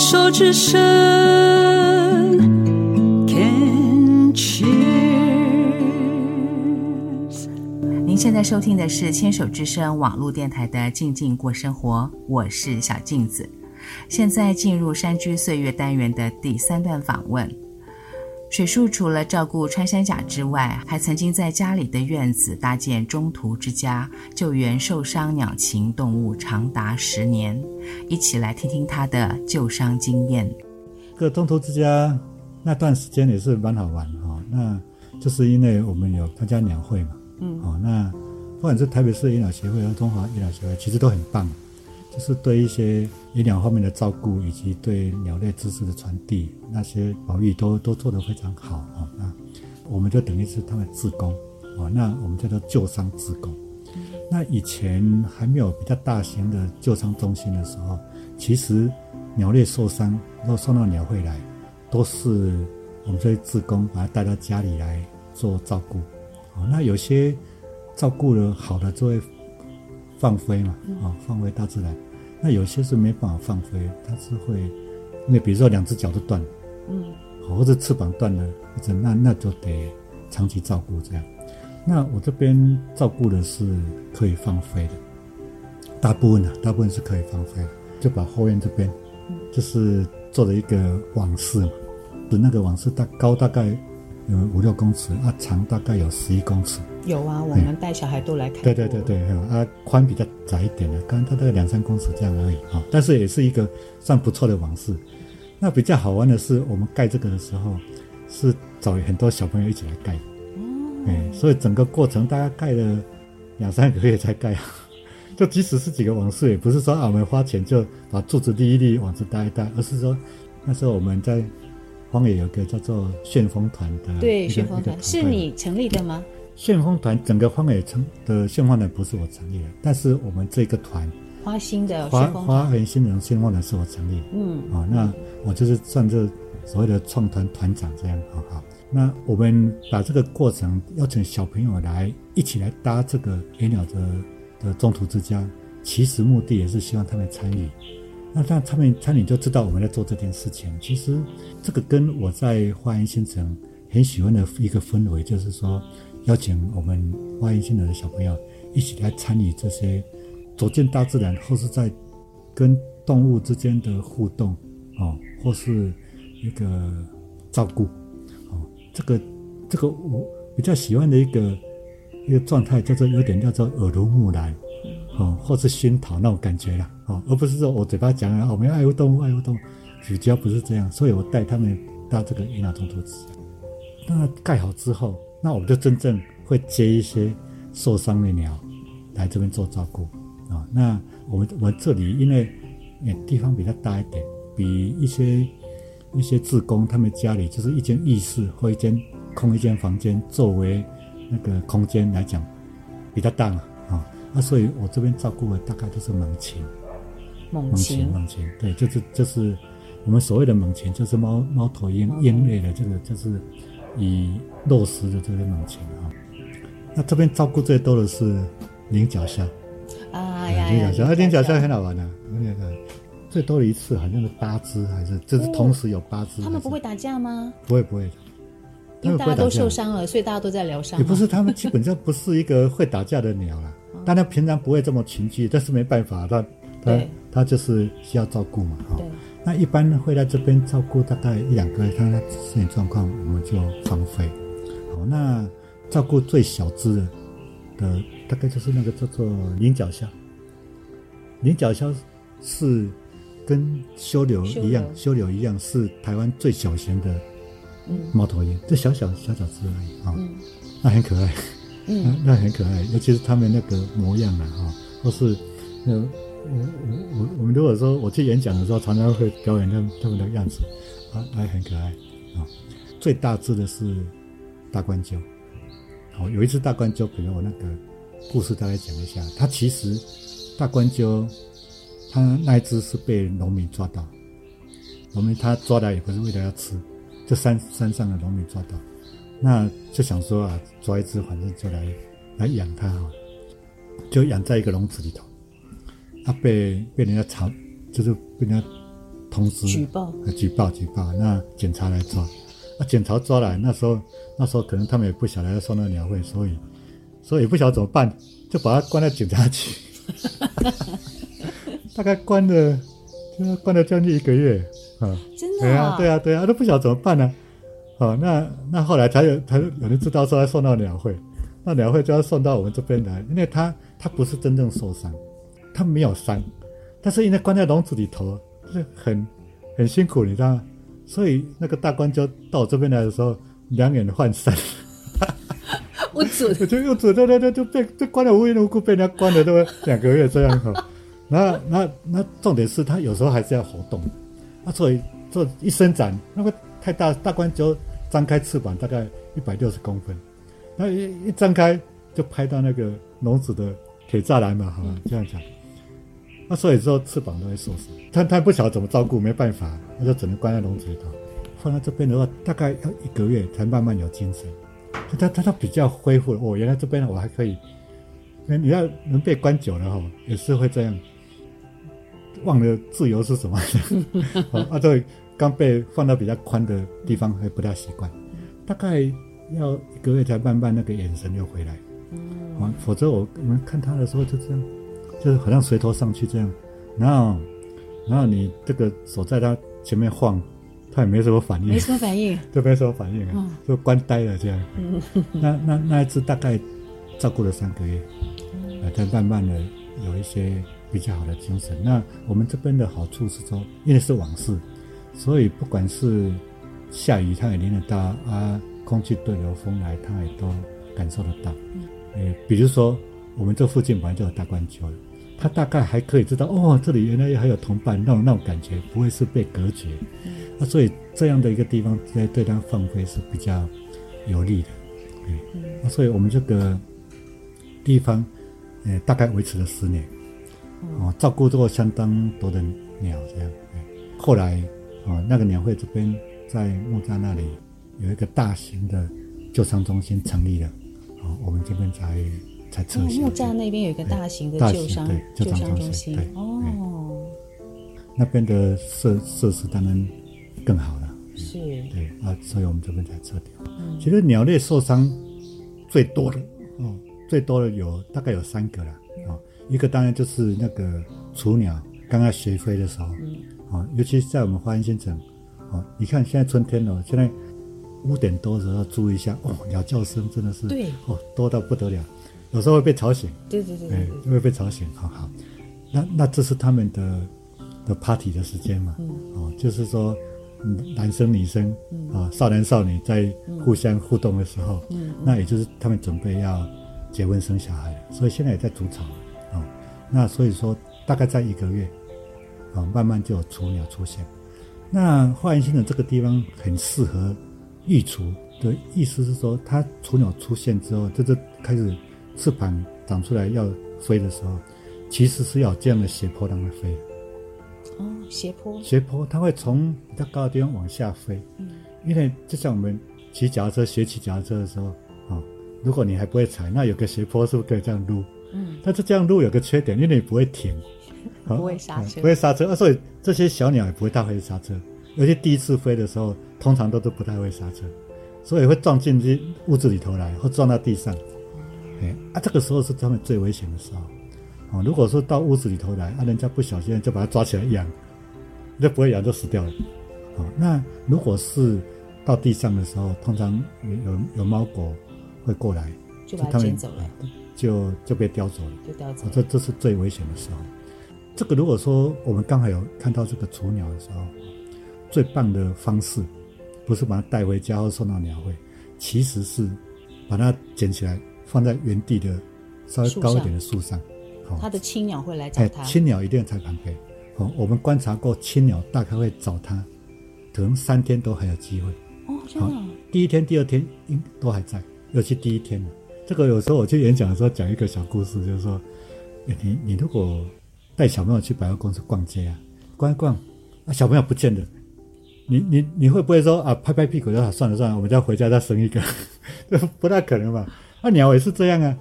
牽手之聲，Can change，您現在收聽的是牽手之聲網絡電臺的《靜靜過生活》，我是小靜子。現在進入山居歲月單元的第三段訪問。水樹除了照顧穿山甲之外，還曾經在家裡的院子搭建中途之家，救援受傷鳥禽動物長達十年。一起來聽聽他的救傷經驗。這個中途之家那段時間也是蠻好玩哈、哦。那就是因為我們有參加鳥會嘛，嗯，哦，那不管是台北市鳥類協會和中華鳥類協會，其實都很棒。就是對一些醫療方面的照顧，以及對鳥類知識的傳遞，那些保育都都做得非常好啊。那我們就等於是他們志工，啊，那我們叫做救傷志工。那以前還沒有比較大型的救傷中心的時候，其實鳥類受傷都送到鳥會來，都是我們這些志工把它帶到家裡來做照顧。啊，那有些照顧的好的就會放飛嘛，啊，放回大自然。那有些是沒辦法放飛，它是會，那比如說兩隻腳都斷了，嗯，或者翅膀斷了，或者那那就得長期照顧這樣。那我這邊照顧的是可以放飛的，大部分的，啊，大部分是可以放飛的，就把後院這邊就是做了一個網室嘛，那個網室大高大概，有五六公尺，啊，長大概有十一公尺。有啊，我們帶小孩都來看，嗯。對對對對，對，啊，寬比較窄一點的，剛，剛大概兩三公尺這樣而已啊，哦。但是也是一個算不錯的網室。那比較好玩的是，我們蓋這個的時候，是找很多小朋友一起來蓋。嗯，哎，嗯，所以整個過程大概蓋了兩三個月才蓋好。就即使是幾個網室，也不是說啊，我們花錢就把柱子立一立，網子搭一搭，而是說那時候我們在。荒野有一個叫做炫蜂團的，對，炫蜂團，團是你成立的嗎？嗯、炫蜂團，整個荒野的炫蜂團不是我成立的，但是我們這個團花心的花園新城炫蜂團，是我成立，嗯，啊、哦，那我就是算是所謂的創團團長這樣，好不好？那我們把這個過程邀請小朋友來一起來搭這個野鳥的的中途之家，其實目的也是希望他們參與。那他們他們也，就知道我們在做這件事情。其實，這個跟我在花園新城很喜歡的一個氛圍，就是說，邀請我們花園新城的小朋友一起來參與這些，走進大自然，或是在跟動物之間的互動，啊、哦，或是一個照顧，啊、哦，這個這個我比較喜歡的一個一個狀態，叫做有點叫做耳濡目染。哦，或是熏陶那種感覺了，哦，而不是說我嘴巴講啊，我們愛護動物，愛護動物，主要不是這樣，所以我帶他們到這個野鳥中途站。那蓋好之後，那我們就真正會接一些受傷的鳥來這邊做照顧。啊，那我們我們這裡因為欸地方比較大一點，比一些一些志工他們家裡就是一間浴室或一間空一間房間作為那個空間來講比較大嘛。啊，所以我這邊照顧的大概都是猛禽，猛禽，猛禽，對，就是就是我們所謂的猛禽，就是貓貓頭鷹鷹、okay. 類的這個，就是以肉食的這些猛禽啊。那這邊照顧最多的是領角鴞，啊、哎、呀，領角鴞，領角鴞很好玩的、啊，那個、啊、最多的一次好像是八只，還是、哦、就是同時有八隻。它們不會打架嗎？不會不會，他們不會打架，因為大家都受傷了，所以大家都在療傷。也不是，它們基本上不是一個會打架的鳥啦。 大家平常不會這麼群聚，但是沒辦法，他他他就是需要照顧嘛。哈、哦，那一般會在這邊照顧大概一兩個月，看，看他身體狀況，我們就放飛。好，那照顧最小只的，大概就是那個叫做領角鴞。領角鴞是跟鵂鶹一樣，鵂鶹一樣是台灣最小型的貓頭鷹，這、嗯、小小小小只而已啊、哦嗯，那很可愛。那，那很可愛，尤其是他們那個模樣啊，哈、哦，或是那個、我我我我們如果說我去演講的時候，常常會表演他們他們的樣子，啊，那很可愛啊、哦。最大隻的是大冠鷲，好、哦，有一隻大冠鷲，可能我那個故事，大概講一下。它其實大冠鷲，它那一隻是被農民抓到，農民他抓來也不是為了要吃，這山山上的農民抓到。那就想說啊，抓一只反正就來，來養它啊，就養在一個籠子裡頭。他、啊、被被人家查，就是被人家通知舉報、啊、舉報舉報，那警察來抓，那警察抓來那時候那時候可能他們也不曉得要送那個鳥會，所以所以也不曉得怎麼辦，就把它關在警察局， 大概關了就關了將近一個月啊，真的啊，對啊對啊對啊，都不曉得怎麼辦呢、啊。哦，那那後來才有，才有人知道說要送到鳥會，那鳥會就要送到我們這邊來，因為他他不是真正受傷，他沒有傷，但是因為關在籠子裡頭，就是、很很辛苦，你知道嗎，所以那個大官就到我這邊來的時候，兩眼渙散，哈哈 我嘴，我就用左，那那那就被就關了無緣無故被人家關了都兩個月這樣子，那那那重點是他有時候還是要活動，那所以做一伸展那個。太大，大關就張開翅膀，大概一百六十公分，那一一張開就拍到那個籠子的鐵柵欄嘛，哈，這樣講。那所以說翅膀都會受傷，他他不曉得怎麼照顧，沒辦法，那就只能關在籠子裡頭。放在這邊的話，大概要一個月才慢慢有精神。他他他比較恢復了。哦，原來這邊我還可以。那你要能被關久了哈，也是會這樣。忘了自由是什麼， 啊對，剛被放到比較寬的地方還不大習慣，大概要一個月才慢慢那個眼神又回來，嗯、否則我們看他的時候就這樣，就是好像隨頭上去這樣，然後然後你這個手在他前面晃，他也沒什麼反應，沒什麼反應，就沒什麼反應，嗯，就關呆了這樣，嗯、那那那一次大概照顧了三個月，才、嗯、慢慢的有一些。比較好的精神。那我們這邊的好處是說，因為是網室，所以不管是下雨，它也淋得到啊，空氣對流、風來，它也都感受得到。呃，比如說我們這附近本來就有大冠鷲了，他大概還可以知道哦，這裡原來還有同伴那種，那種感覺不會是被隔絕。那所以這樣的一個地方，在對它放飛是比較有利的。嗯，那所以我們這個地方，呃，大概維持了十年。嗯。哦，照顧這個相當多的鳥，這樣。後來，哦，那個鳥會這邊在木柵那裡有一個大型的救傷中心成立了，哦，我們這邊才才撤。木柵那邊有一個大型的救傷大型傷，對，對，救傷中心。對哦對。那邊的設設施當然更好了。是。對啊，那所以我們這邊才撤掉。嗯。其實鳥類受傷最多的，哦，最多的有大概有三個啦。一個當然就是那個雛鳥剛剛學飛的時候，啊、嗯哦，尤其是在我們花園新城，啊、哦，你看現在春天了，哦，現在五點多的時候注意一下，哦，鳥叫聲真的是對哦多到不得了，有時候會被吵醒，對對對，對、哎，會被吵醒，哈、哦、哈。那那這是他們的的 party 的時間嘛、嗯，哦，就是說男生女生、嗯、啊少男少女在互相互動的時候嗯，嗯，那也就是他們準備要結婚生小孩，所以現在也在築巢。那所以說，大概在一個月，啊、哦，慢慢就有雛鳥出現。那花園新城的這個地方很適合育雛的意思是說，它雛鳥出現之後，這就，就開始翅膀長出來要飛的時候，其實是要這樣的斜坡讓它飛。哦，斜坡。斜坡，它會從比較高的地方往下飛。嗯。因為就像我們騎腳踏車學騎腳踏車的時候，啊、哦，如果你還不會踩，那有個斜坡是不是可以這樣擼？嗯，但是這樣路有個缺點，因為你不會停，不會剎車，不會剎車。啊、哦，所以這些小鳥也不會太會剎車，尤其第一次飛的時候，通常都都不太會剎車，所以會撞進去屋子裡頭來，或撞到地上。哎，啊，這個時候是他們最危險的時候。啊、哦，如果說到屋子裡頭來，啊，人家不小心就把它抓起來養，就不會養就死掉了。好、哦，那如果是到地上的時候，通常有有貓狗會過來，就，他們就把它走了。就就被叼走了，就叼走了哦、這這是最危險的時候。這個如果說我們剛好有看到這個雛鳥的時候，最棒的方式不是把它帶回家或送到鳥會，其實是把它撿起來放在原地的稍微高一點的樹上。它、哦、的親鳥會來找它、哎。親鳥一定要在旁邊。好、哦，我們觀察過親鳥大概會找它，可能三天都還有機會。哦，真的、啊哦。第一天、第二天應都還在，尤其第一天。這個有時候我去演講的時候講一個小故事，就是說，你你如果帶小朋友去百貨公司逛街啊，逛一逛，啊小朋友不見了。你你你會不會說啊拍拍屁股就算了算了，我們再回家再生一個， 不太可能吧？啊鳥也是這樣啊，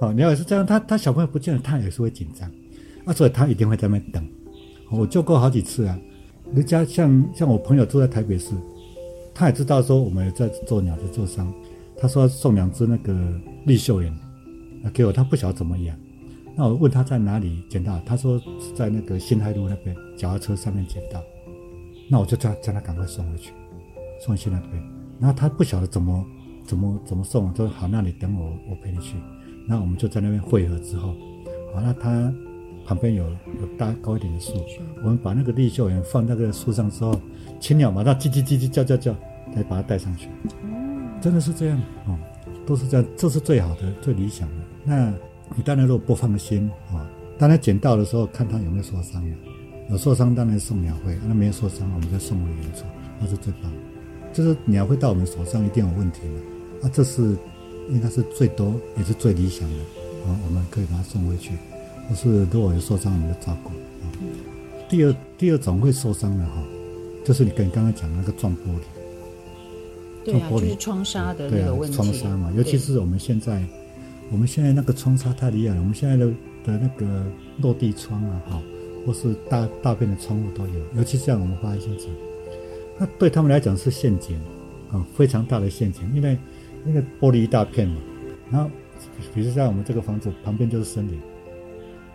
好鳥也是這樣，他他小朋友不見了，他也是會緊張，啊所以他一定會在那邊等。我救過好幾次啊，人家像像我朋友住在台北市，他也知道說我們在做鳥在做傷。他說要送兩隻那個綠繡眼啊給我，他不曉得怎麼養。那我問他在哪裡撿到，他說是在那個新泰路那邊，腳踏車上面撿到。那我就叫叫他趕快送回去，送去那邊。然後他不曉得怎麼怎麼怎麼送，他說好，那你等我，我陪你去。那我們就在那邊匯合之後，好，那他旁邊有有大高一點的樹，我們把那個綠繡眼放在那個樹上之後，親鳥馬上嘰嘰嘰嘰叫叫叫，來把它帶上去。真的是這樣，哦、嗯，都是這樣，這是最好的、最理想的。那你當然，如果不放心，啊、哦，當然撿到的時候看它有沒有受傷。有受傷，當然送鳥會、啊；那沒有受傷，我們就送回原處。那、啊、是最棒。就是鳥會到我們手上，一定有問題的。啊，這是應該是最多，也是最理想的。啊，我們可以把它送回去。或是如果有受傷，我們就照顧。啊，第二，第二種會受傷的哈、哦，就是你跟剛剛講的那個撞玻璃。做玻璃，對啊，就是、窗紗、嗯啊、嘛，尤其是我們現在，我們現在那個窗紗太厲害了。我們現在的的那個落地窗啊，哈，或是大大片的窗戶都有。尤其像我們花園新城，那對他們來講是陷阱啊、嗯，非常大的陷阱。因為那個玻璃一大片嘛，然後，比如像我們這個房子旁邊就是森林，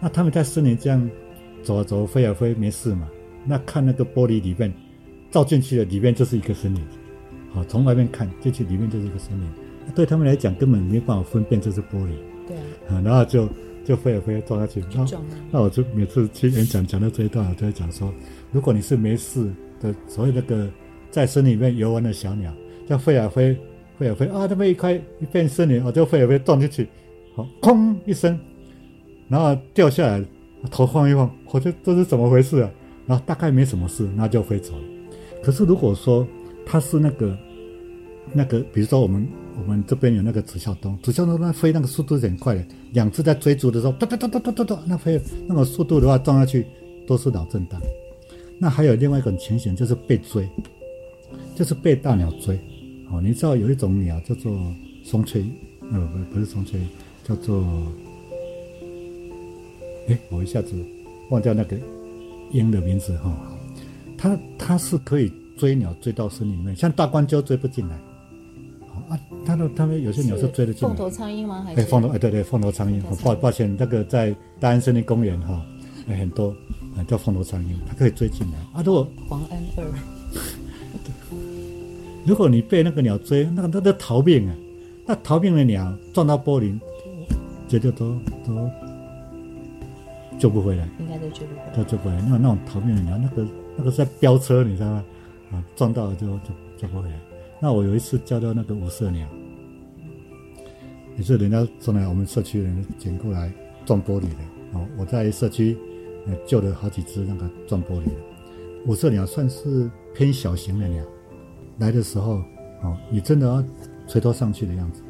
那他們在森林這樣走啊走、啊，飛啊飛，沒事嘛。那看那個玻璃裡面照進去了，裡面就是一個森林。好，從外面看進去，裡面就是一個森林。對他們來講，根本沒辦法分辨這是玻璃。對啊。啊、嗯，然後就就飛啊飛啊，撞下去。那我就每次去演講，講 到這一段，我就會講說，如果你是沒事的，所有那個在森林裡面遊玩的小鳥，叫飛啊飛，飛啊飛啊，他們一開一片森林，我就飛啊飛撞進去，好，砰一聲，然後掉下來，頭晃一晃，好像這是怎麼回事啊？然後大概沒什麼事，那就飛走了。可是如果說，嗯它是那個，那個，比如說我們我們這邊有那個紫嘯鶇，紫嘯鶇它飛那個速度很快的，兩隻在追逐的時候，噠噠噠噠噠噠噠，那飛那個速度的話撞上去都是腦震盪。那還有另外一個情形就是被追，就是被大鳥追。哦，你知道有一種鳥叫做松雀，呃不不是松雀，叫做，哎我一下子忘掉那個鷹的名字哈、哦，它它是可以。追鳥追到森林裡面，像大冠鷲追不進來、哦，啊，他們他們有些鳥是追得進，鳳頭蒼鷹嗎？還是？哎、欸欸，對對，對，鳳頭蒼鷹。抱歉，那個在大安森林公園哈、哦欸，很多、欸、叫鳳頭蒼鷹，它可以追進來。啊，如果黃，黃安二， 如果你被那個鳥追，那個那叫、個、逃命啊，那逃命的鳥撞到玻璃，這、嗯、就都都救不回來。應該都救不回來。都救不回來，那那種逃命的鳥，那個那個是在飆車，你知道嗎？啊，撞到了就就撞玻了。那我有一次叫到那個五色鳥，也是人家送來，我們社區的人撿過來撞玻璃的。哦，我在社區呃救了好幾隻那個撞玻璃的五色鳥，算是偏小型的鳥。來的時候，哦，你真的要垂頭喪氣的樣子，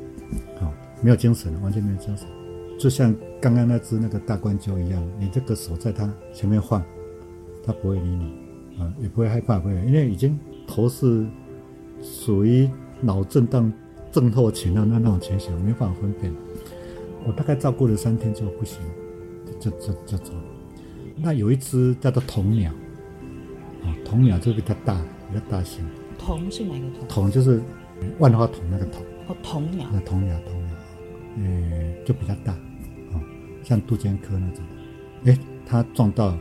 哦，沒有精神，完全沒有精神，就像剛剛那隻那個大冠鷲一樣，你這個手在它前面晃，它不會理你。啊、嗯，也不會害怕，不會，因為已經頭是屬於腦震盪、震後前那、啊、那那種情形，沒辦法分辨。我大概照顧了三天之後不行，就就就走。那有一隻叫做筒鳥，啊、嗯，筒鳥就比較大，比較大型。筒是哪個筒？筒就是萬花筒那個筒。哦，筒鳥。那筒鳥，筒鳥，哎、欸，就比較大，啊、嗯，像杜鵑科那種。誒、欸，它撞到。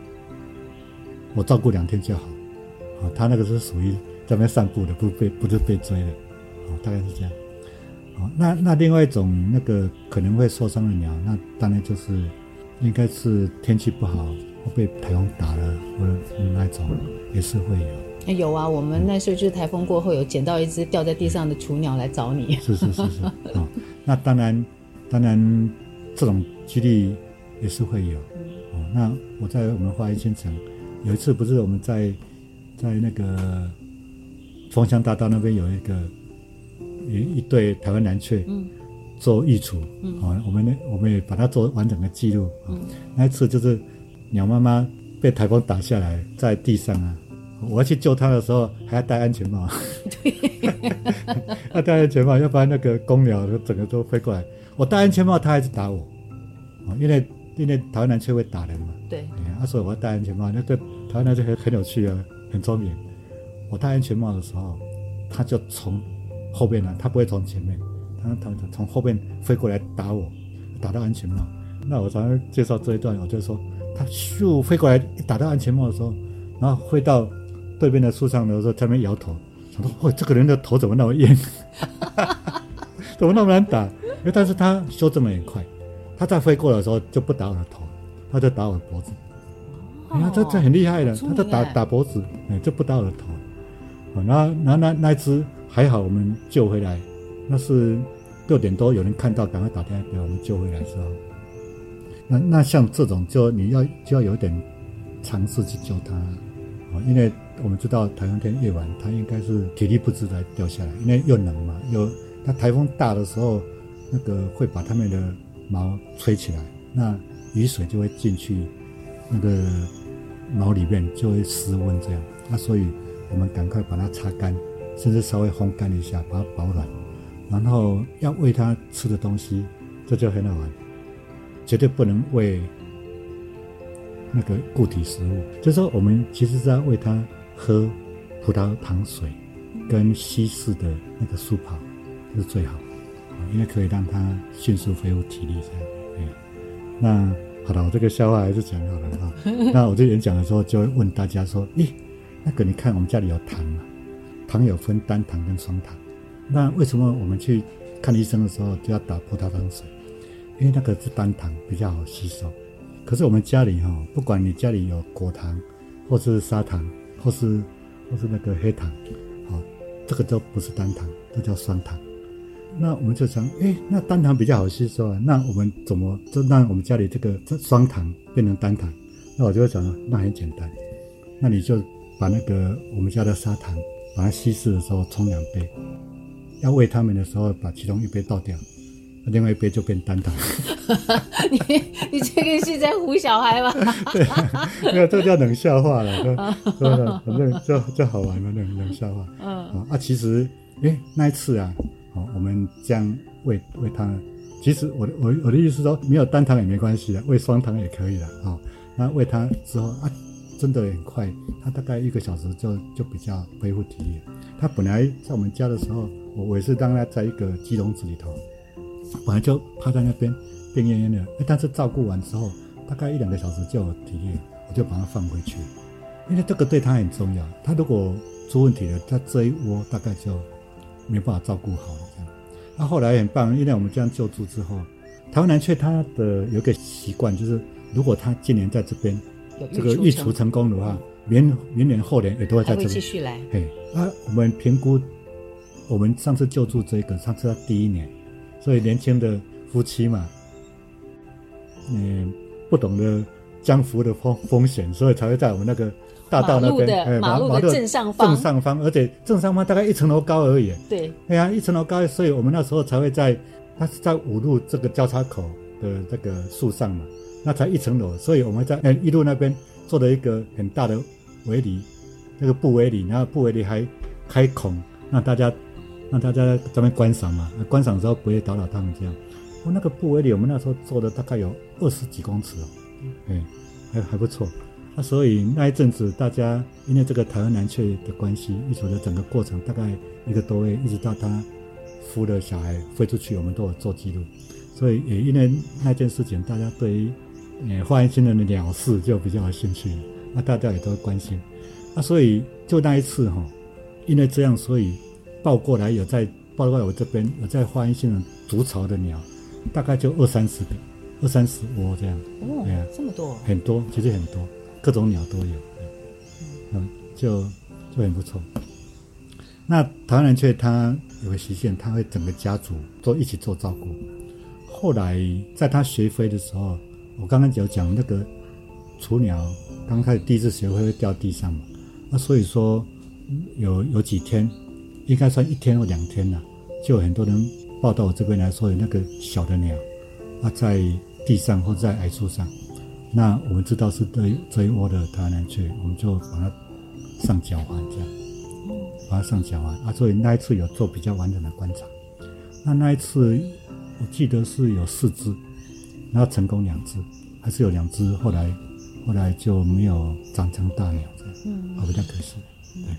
我照顧兩天就好，啊、哦，他那個是屬於在外面散步的，不被不是被追的、哦，大概是這樣，哦、那那另外一種那個可能會受傷的鳥，那當然就是應該是天氣不好或被颱風打了，或者那一種也是會有。那、哎、有啊，我們那時候就是颱風過後、嗯、有撿到一隻掉在地上的雛鳥來找你。是是是是，啊、 哦，那當然當然這種幾率也是會有，嗯哦、那我在我們花園新城。有一次不是我們在，在那個楓香大道那邊有一個一、嗯、一對台灣藍鵲，做育雛，啊、嗯嗯哦，我們呢我們也把它做完整的記錄、哦嗯。那次就是鳥媽媽被台風打下來在地上啊，我要去救它的時候還要戴安全帽，對 要戴安全帽，要不然那個公鳥就整個都飛過來。我戴安全帽，它還是打我，哦、因為因為台灣藍鵲會打人嘛。對。他說：“我要戴安全帽。”那個他那就很很有趣啊，很聰明。我戴安全帽的時候，他就從後邊來，他不會從前面。他他從後邊飛過來打我，打到安全帽。那我常常介紹這一段，我就說，他咻飛過來一打到安全帽的時候，然後飛到對面的樹上的時候，在那邊搖頭。想說：“哦，這個人的頭怎麼那麼硬？ 怎麼那麼難打？因為但是他修這麼也快，他在飛過來的時候就不打我的頭，他就打我的脖子。”你、哎、看這這很厲害的，他都打打脖子，哎、嗯，這不到了頭好、哦，那那那那隻還好，我們救回來。那是六點多，有人看到，趕快打電話給我們救回來之後，那那像這種就，就你要就要有點嘗試去救它。哦，因為我們知道台風天夜晚，它應該是體力不支才掉下來，因為又冷嘛，有，它台風大的時候，那個會把他們的毛吹起來，那雨水就會進去，那個。毛裡面就會失溫這樣，那所以我們趕快把它擦乾，甚至稍微烘乾一下，把它保暖。然後要餵它吃的東西，這就很好玩，絕對不能餵那個固體食物。就是、說我們其實是要餵它喝葡萄糖水跟稀釋的那個舒跑，這、就是最好，因為可以讓它迅速恢復體力。這樣，那。好了，我這個笑話還是講好了的哈。那我這演講的時候，就會問大家說：咦、欸，那個你看，我們家裡有糖嘛？糖有分單糖跟雙糖。那為什麼我們去看醫生的時候就要打葡萄糖水？因為那個是單糖比較好吸收。可是我們家裡哈，不管你家裡有果糖，或是砂糖，或是或是那個黑糖，好，這個都不是單糖，這叫雙糖。那我們就想，誒、欸、那單糖比較好吸收啊。那我們怎麼就讓我們家裡這個這雙糖變成單糖？那我就會想，那很簡單，那你就把那個我們家的砂糖，把它稀釋的時候沖兩杯，要餵它們的時候把其中一杯倒掉，那另外一杯就變單糖了 你。你你這個是在唬小孩嗎？ 對，沒有，這叫冷笑話了，真 的、啊啊啊，反正就就好玩嘛，冷冷笑話。嗯啊，啊，其實，哎、欸，那一次啊。我們將餵餵它，其實我的我我的意思是說，沒有單糖也沒關係啦，餵雙糖也可以了啊，哦。那餵它之後啊，真的很快，它大概一個小時就就比較恢復體力。它本來在我們家的時候，我我也是讓它在一個雞籠子裡頭，本來就趴在那邊，變蔫蔫的。但是照顧完之後，大概一兩個小時就有體力，我就把它放回去，因為這個對它很重要。它如果出問題了，它這一窩大概就。沒辦法照顧好，這樣。那、啊、後來很棒，因為我們這樣救助之後，台灣藍鵲它的有一個習慣，就是如果它今年在這邊預這個育雛成功的話，明、明年後年也都會在這邊繼續來。哎，那、啊、我們評估，我們上次救助這個，上次是第一年，所以年輕的夫妻嘛，嗯，不懂得。江湖的風風險，所以才會在我們那個大道那邊，哎馬，馬路的正上方，正上方，而且正上方大概一層樓高而已。對，哎呀，一層樓高，所以我們那時候才會在它是在五路這個交叉口的這個樹上嘛，那才一層樓，所以我們在哎一路那邊做了一個很大的圍籬，那個布圍籬，然後布圍籬還開孔，讓大家讓大家在這邊觀賞嘛，觀賞的時候不會打擾他們這樣。我、哦、那個布圍籬，我們那時候做的大概有二十幾公尺、哦。哎、欸，還還不錯。那、啊、所以那一陣子，大家因為這個台灣藍鵲的關係，一說的整個過程大概一個多月，一直到他孵了小孩飛出去，我們都有做記錄。所以也因為那件事情，大家對於呃花園新城的鳥事就比較有興趣，那、啊、大家也都關心。那、啊、所以就那一次哈、哦，因為這樣，所以抱過來有在抱過來我這邊，有在花園新城築巢的鳥，大概就二三十只。二三十窩這樣，哦、yeah, 這麼多，很多，其實很多，各種鳥都有，yeah, 嗯，嗯，就就很不錯。那唐人雀它有個習性，它會整個家族都一起做照顧。後來在他學飛的時候，我剛剛有講那個雛鳥，剛開始第一次學飛會掉地上嘛，那、啊、所以說有有幾天，應該算一天或兩天了、啊，就有很多人抱到我這邊來說有那個小的鳥，啊，在。地上或在矮樹上，那我們知道是對這一窩的它呢，雀，我們就把它上腳環這樣，把它上腳環。啊，所以那一次有做比較完整的觀察。那那一次我記得是有四隻，然後成功兩隻，還是有兩隻後來後來就沒有長成大鳥這樣，啊、嗯，比較可惜。對。